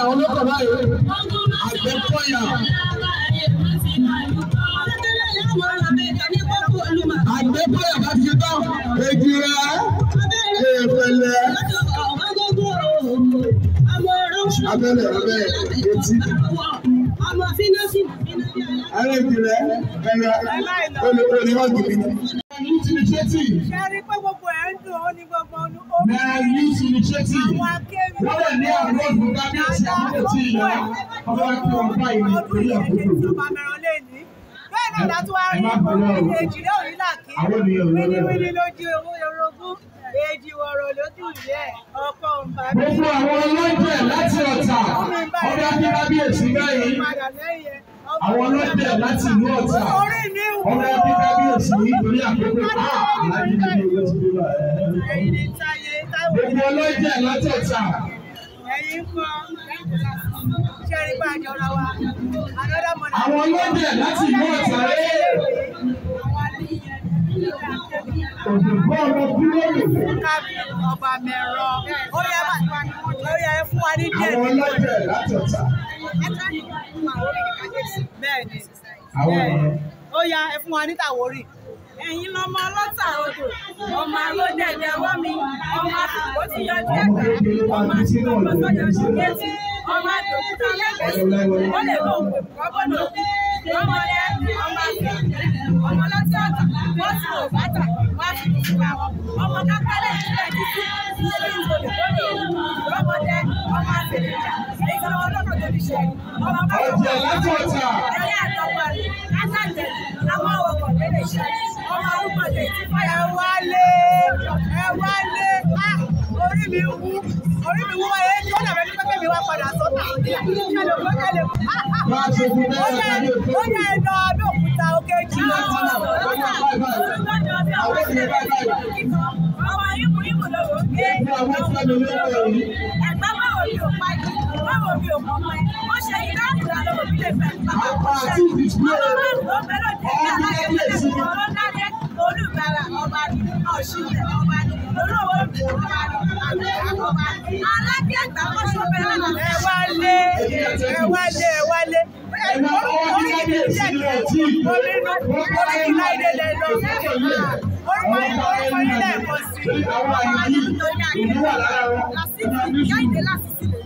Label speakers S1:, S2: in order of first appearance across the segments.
S1: àwọn olóko báyìí àgbẹ̀kọ̀yà. àgbẹ̀kọ̀yà bá ti tán èjìrẹ́ èèpẹ̀lẹ̀. abẹ́lẹ̀ abẹ́ etí. ààrẹ ìjìrẹ́ ẹ̀rọ olùkọ́ni wọ́n gbìyànjú initiative. Ṣẹ́rí pé gbogbo ẹ̀ ń dùn ó ní gbogbo olùkọ́. Mẹ́rin youth initiative. Àwọn akéwì. Wọ́n wà ní àwọn olùkọ́ kábíyèsí àkókò tí ìyá ọba kí wọn bá ìlú ìpínlẹ̀ àkókò. Bẹ́ẹ̀ náà látún wá rí ọmọ èjì náà rí làkí. Wíníwíní lójú owó orogún. Èjì wọ̀rọ̀ lójú ìyẹ́ ọkọ̀ ọ̀nbá. Gbogbo àwọn ọlọ́jẹ̀ láti ọ̀tà ọba kí kábíyèsí báyìí àwọn ọlọ́dẹ láti ìlú ọ̀tà ọmọ ẹbí kábíyèsí nítorí àkókò aláàbí nínú owó ti dé bá ẹ. gbogbo ọlọ́dẹ láti ọ̀tà. àwọn ọlọ́dẹ láti ìlú ọ̀tà rẹ̀. Òdùgbò ọmọ kúlóòlù. Ọba mẹ́rọ. Ó yẹ fún wa ní díẹ̀. Àwọn ọlọ́dẹ láti ọ̀tà bẹ́ẹ̀ni bẹ́ẹ̀ni ó yá ẹ fún wa ní tàwórì. ẹ̀yin lọmọ ọlọ́tà odò ọmọ alódẹ̀dẹ̀ ọwọ́ mi ọmọ àtòkò ti yọjú ẹ̀ka ọmọ àtòkò tó yọjú létí ọmọ àtòkò tó lẹ́gbẹ̀ẹ́ ó lè lọ òkè kọ́bọ̀dọ̀ ọmọ yẹn ọmọ àtòkò ọmọ ọlọ́tà ọ̀tà wọ́n ti rò láti ọ̀tà. ẹ̀yà àtọ́gbà látàtẹ̀ àwọn ọkọ̀ lẹ́lẹ̀ iṣẹ́ ọmọ orúkọ lè ti fàyà wálé ẹ wálé orí mi wú orí mi wú wáyé tí ó nà mẹ́rin pẹ́pẹ́ mi wá padà sọ́tà ó yẹ ó yẹ ẹ̀dọ́ Abẹ́òkúta òkè jì lọ́tì ọmọ yìí mú yìí mú lọ́wọ́ gé ẹ̀gbọ́n báwo ni ò pa jù ọmọ ẹ wọ́n ṣe yí láti ìgbà lọ́wọ́ bí lè fẹ́ bàbá kò ṣe ọmọ márùn ló fẹ́ lòdì ní alájẹmẹ́lẹ̀ ọ̀rọ̀ dáadé olùbàrà ọba ni ọ̀ṣunlẹ̀ ọba ni olówó ọba ni àgbẹ̀ká ọba ni alájẹgbà ọ̀ṣunfẹ́ lọ́la. ẹ wálé ẹ wálé ẹ wálé orí ìdílé ìjẹ́kẹ̀ orí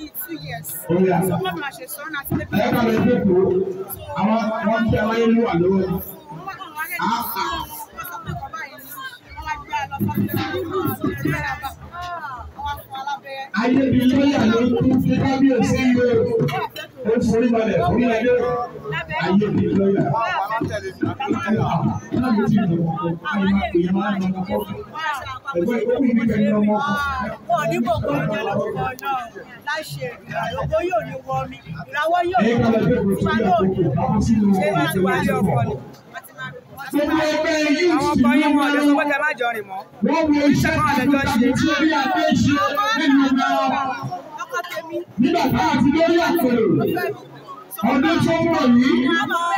S1: bíi two years so wọ́n máa ṣe sọ́nà àti lẹ́bí ẹ̀rọ rẹ̀ tó kù àwọn wọ́n fi aláyé ló wà lọ́wọ́ ni. ayé bíi lóyà ló kú fún kábíyèsí ilé o forí balẹ̀ fún ilé ayé bíi lóyà. Ọ̀dìbò kò ní jẹ́ lọ́wọ́ ṣe ìrànlọ́wọ́ yóò ní wọ mi ìrànwọ́ yóò ní tiwa yóò ní ṣé wọ́n ti wá ní ọkọ ni àwọn ọkọ yín wọn ọdẹ sọ pé má jọ rìn mọ iṣẹ́ kan àtẹjọ ṣe. ọkọ tèmi. nígbà tá a ti lórí àpèrè ọdún tó ń bọ̀ yìí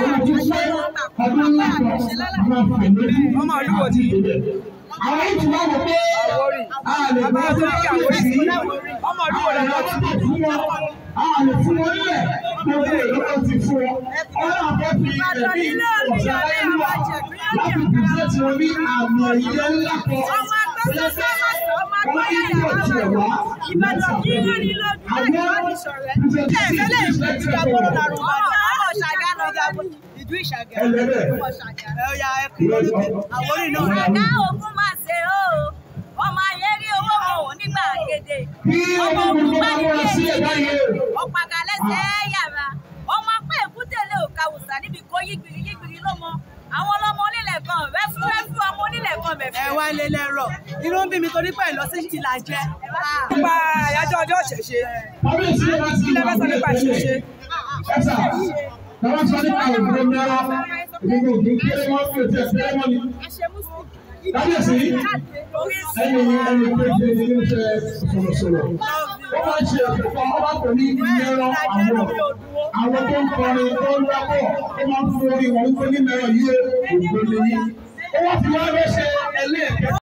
S1: olùdíje ọdún ńlá kan máa fẹ̀ lórí. ọmọ olúwo ti àwọn yìí ti máa wò pé a lè máa tó ọ́fíìsì yìí a lè máa tó fún wọn a lè fún wọn nílẹ̀ gbogbo èyí ló ti fún wọn ọlọ́run àbọ̀ fi ẹ̀mí ọ̀sẹ̀ ayé wà láti pèsè tí wọ́n ní àmọ̀ ìyẹn ńlá kan lẹ́sẹ̀ wọ́n ní kí wọ́n tiẹ̀ wá ìbátan yìí ló ní lọ́dún láti wọ́n ṣọ̀rẹ́ ẹ̀ẹ́dẹ́lẹ́ ìgbésí àbúrò làrùn bàbá àwọn ṣàgá lọ́jà bọ̀ ìlú ìṣàgá ọ̀ṣàgá ẹ̀yà ẹ̀kú ṣe ó ọmọ ayé rí owó mọ̀ wọ́n nígbà gèdè ọmọ ogun bá ní kí èyí ọ̀pàgà lẹ́sẹ̀ yàrá ọmọ pé èkútèlé òkà níbi kó yígbìrì yígbìrì ló mọ àwọn ọlọmọ onílẹ̀ kan rẹ́fúrẹ́fú ọmọ onílẹ̀ mẹ́fẹ́. ẹ̀wá ilé lẹ́rọ̀ inú ń bí mi torí pé ìlọsí ti là jẹ́. nípa àyájọ́ ọjọ́ òṣèṣe kí lẹ kábíyèsí ẹni ẹni péjì ní iṣẹ́ sọ̀rọ̀sọ̀rọ̀ ó máa ń ṣe ọ̀pọ̀ ọba kò ní ìyẹ́rọ àwọn àwọn tó ń kọrin tó ń dábọ̀ ó máa ń fún orí wọn wípé nínú ẹ̀rọ yìí ògbó lè yí ó wá fi